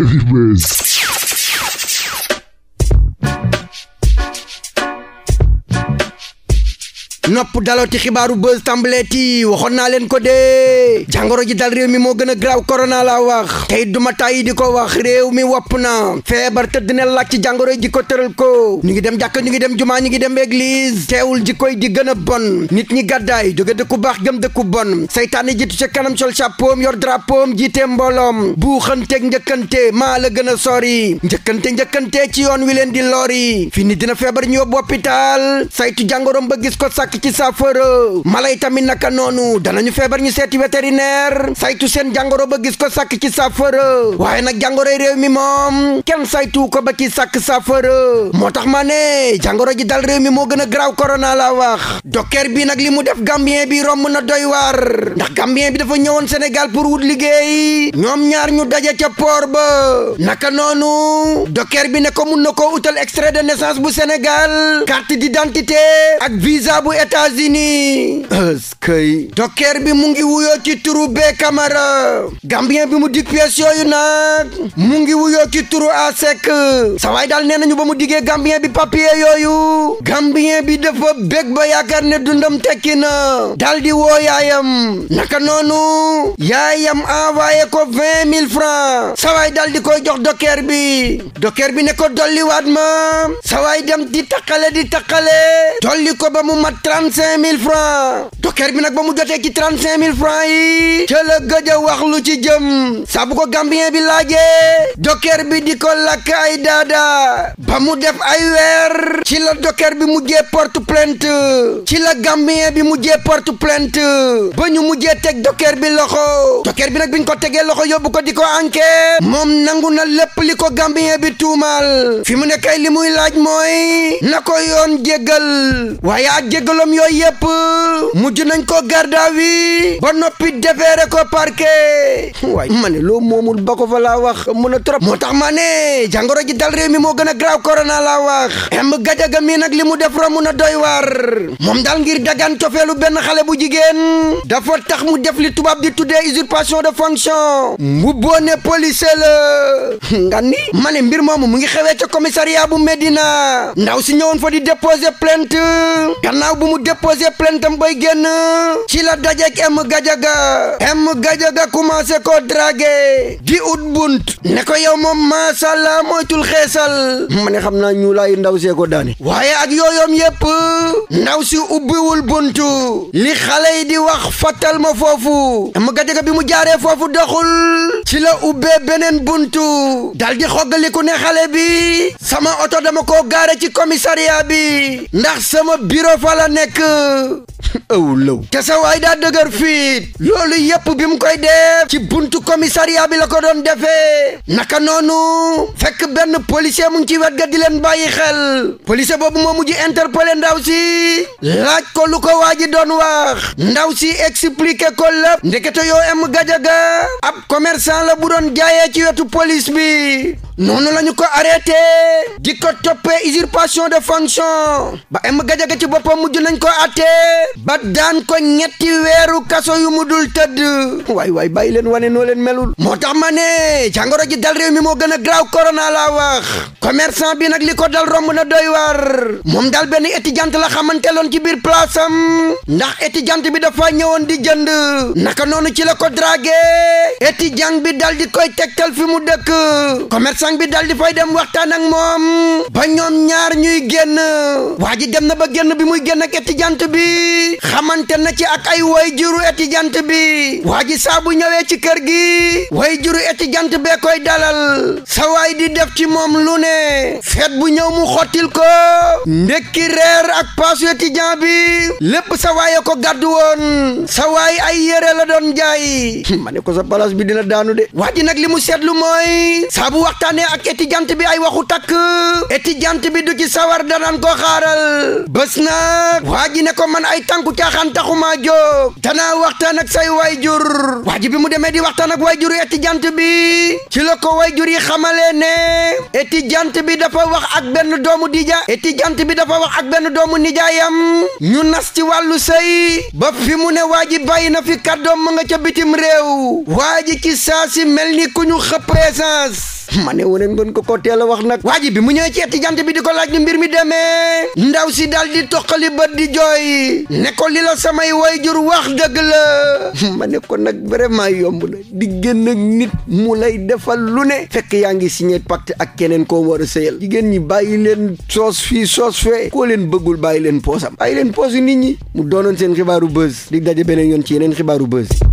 Heavy Bass. nopp daloti xibaaru buzz tàmbaleeti waxoon naa leen ko dee jàngoro ji dal réew mi moo gën a graaw corona laa wax tey duma tàyyi di ko wax réew mi wopp na feebar tëdd na laaj ci jàngoro ji ko tëral ko ñu ngi dem jàkka ñu ngi dem jumaa ñu ngi dem église teewul ji koy di gën a bon nit ñi gàddaay jóge dëkku baax jëm dëkku bon saytaane jiitu ca kanam sol chapeau yor drapeau jiite mbooloom buuxanteeg njëkkante maa la gën a sori njëkkante njëkkante ci yoon wi leen di lori fini dina feebar ñu yóbbu hôpital saytu ba gis ko sàkk ci saafara mala yi vétérinaire saytu seen jàngoro ba gis ko sàkk ci saafara waaye nag jàngoroy réew mi moom kenn saytu ko ba ci sàkk saafara moo tax ma ne jàngoro ji dal réew mi moo gën a graaw corona la wax docteur bi nag li mu def gambien bi romb na doy waar ndax gambien bi dafa ñëwoon Sénégal pour wut liggéey ñoom ñaar ñu daje ca port ba naka noonu docteur bi ne ko mun na ko utal extrait de naissance bu senegal Sénégal di d'identité ak visa bu États-Unis ëskëy docteur bi mu ngi wuyoo ci turu bee Camara gambien bi mu dig pièces yooyu nag mu ngi wuyoo ci turu ASEC sa waay daal nee ba mu diggee gambien bi papier yooyu gambien bi dafa bég ba yaakaar ne dundam tekki na daal di woo yaayam naka noonu yaayam envoyé ko vingt mille francs sa koy jox docker bi docker bi ne ko dolliwaat ma sa waay dem di takkale di takkale dolli ko ba mu mat trente cinq mille francs docker bi nag ba mu jotee ci trente cinq mille bi ca la a wax lu ci jëm saa ko gambien bi laajee docker bi di ko lakk ay daada ba mu def ay weer ci la docker bi mujjee porte plainte ci la gambien bi mujjee porte plainte ba ñu mujjee teg docker bi loxo docker bi nag biñ ko tegee loxo yóbbu ko di ko enquête moom nangu na lépp li ko gambien bi tuumal fi mu ne kay li muy laaj mooy na ko yoon jéggal waaye ak jéggalam yooyu yépp mujj nañ ko garda ba noppi ñu defeere ko parquet waaye ma ne loo moomul ba ko fa laa wax mun a trop moo tax maa ne jàngoro ji dal réew mi moo gën a graaw corona laa wax m gajaga mi nag li mu def romb na doy waar moom daal ngir dagaan cofeelu benn xale bu jigéen dafa tax mu def li tubaab di tuddee usurpation de fonction mu boone police la nga ni ma ne mbir moomu mu ngi xewee ca commissariat bu Médina ndaw si ñëwoon fa di déposer plainte gannaaw bu mu déposer plainte am bay ci la dajeek m gajaga hem gajaga commencé ko dragué di ut bunt ne ko yow moom maasàllaa moytul xeesal ma ne xam naa ñu laay ndaw see ko daane waaye ak yooyoom yépp ndaw si ubbiwul bunt li xale yi di wax fattal ma foofu hem gajaga bi mu jaaree foofu doxul ci la ubbee beneen buntu dal di xoggaliku ne xale bi sama oto dama koo gaare ci commissariat bi ndax sama bureau fa nekk ëw lëw te sa dëgër fiit loolu yépp bi mu koy def ci buntu commissariat bi la ko doon defee naka noonu fekk benn policier mu ngi ci wet ga di leen bàyyi xel policier boobu moo mujj interpeller ndaw si laaj ko lu ko waa doon wax ndaw si expliquer ko lépp ndekete yoo em gajaga ab commerçant la bu doon jaayee ci wetu police bi noonu la ñu ko arrêté di ko toppee usurpation de fonction ba M Gadiaga ci boppam mujj nañ ko àttee ba daan ko ñetti weeru kaso yu mu dul tëdd waay way bàyyi leen wane noo leen melul moo tax ma ne jàngoro ji dal réew mi moo gën a graaw corona la wax commerçant bi nag li ko dal romb na doy war moom daal benn étudiant la xamante loon ci biir place am ndax étudiant bi dafa ñëwoon di jënd naka noonu ci la ko dragué étudiant bi dal di koy tegtal fi mu dëkk sang bi dal di fay dem waxtaan ak moom ba ñoom ñaar ñuy génn waa ji dem na ba génn bi muy génn ketti jant bi xamante na ci ak ay way juru étudiant bi waa ji saa bu ci kër gi way juru étudiant bee koy dalal sa di def ci moom lu ne feet bu ñëw mu xottil ko ndekki reer ak paasu étudiant bi lépp sa ko gàddu woon sawaay waay ay yére la doon jaay ma ne ko sa palaas bi dina daanu de waa ji nag li mu seetlu mooy saa bu waxtaanee ak étudiant bi ay waxu takk étudiant bi du ci sawar danaan ko xaaral bés nag waa ne ko man ay tànku ca caaxaan taxumaa jóg danaa waxtaan ak say waayjur waa bi mu demee di waxtaan ak waayjur yi étudiant bi ci la ko waayjur yi xamalee ne étudiant bi dafa wax ak benn doomu dija étudiant bi dafa wax ak benn doomu nijaayam ñu nas ci wàllu say ba fi mu ne waa ji bàyyi na fi kàddoom ma nga ca bitim réew waa ji ci saa si mel ni ku ñu xëpp essence ma ne wonen ngeen ko ko teel a wax nag waa bi mu ñëwee ceeti jant bi di ko laaj ni mbir mi demee ndaw si daal di toqali bët di jooy ne ko li la samay wayjur wax dëgg la ma ne ko nag vraiment yomb la di génn ak nit mu lay defal lu ne fekk yaa ngi signé pacte ak keneen koo war a sëyal jigéen ñi bàyyi leen soos fii soos fee koo leen bëggul bàyyi leen poosam bàyyi leen poosu nit ñi mu doonoon seen xibaaru buzz di daje beneen yoon ci yeneen xibaaru buzz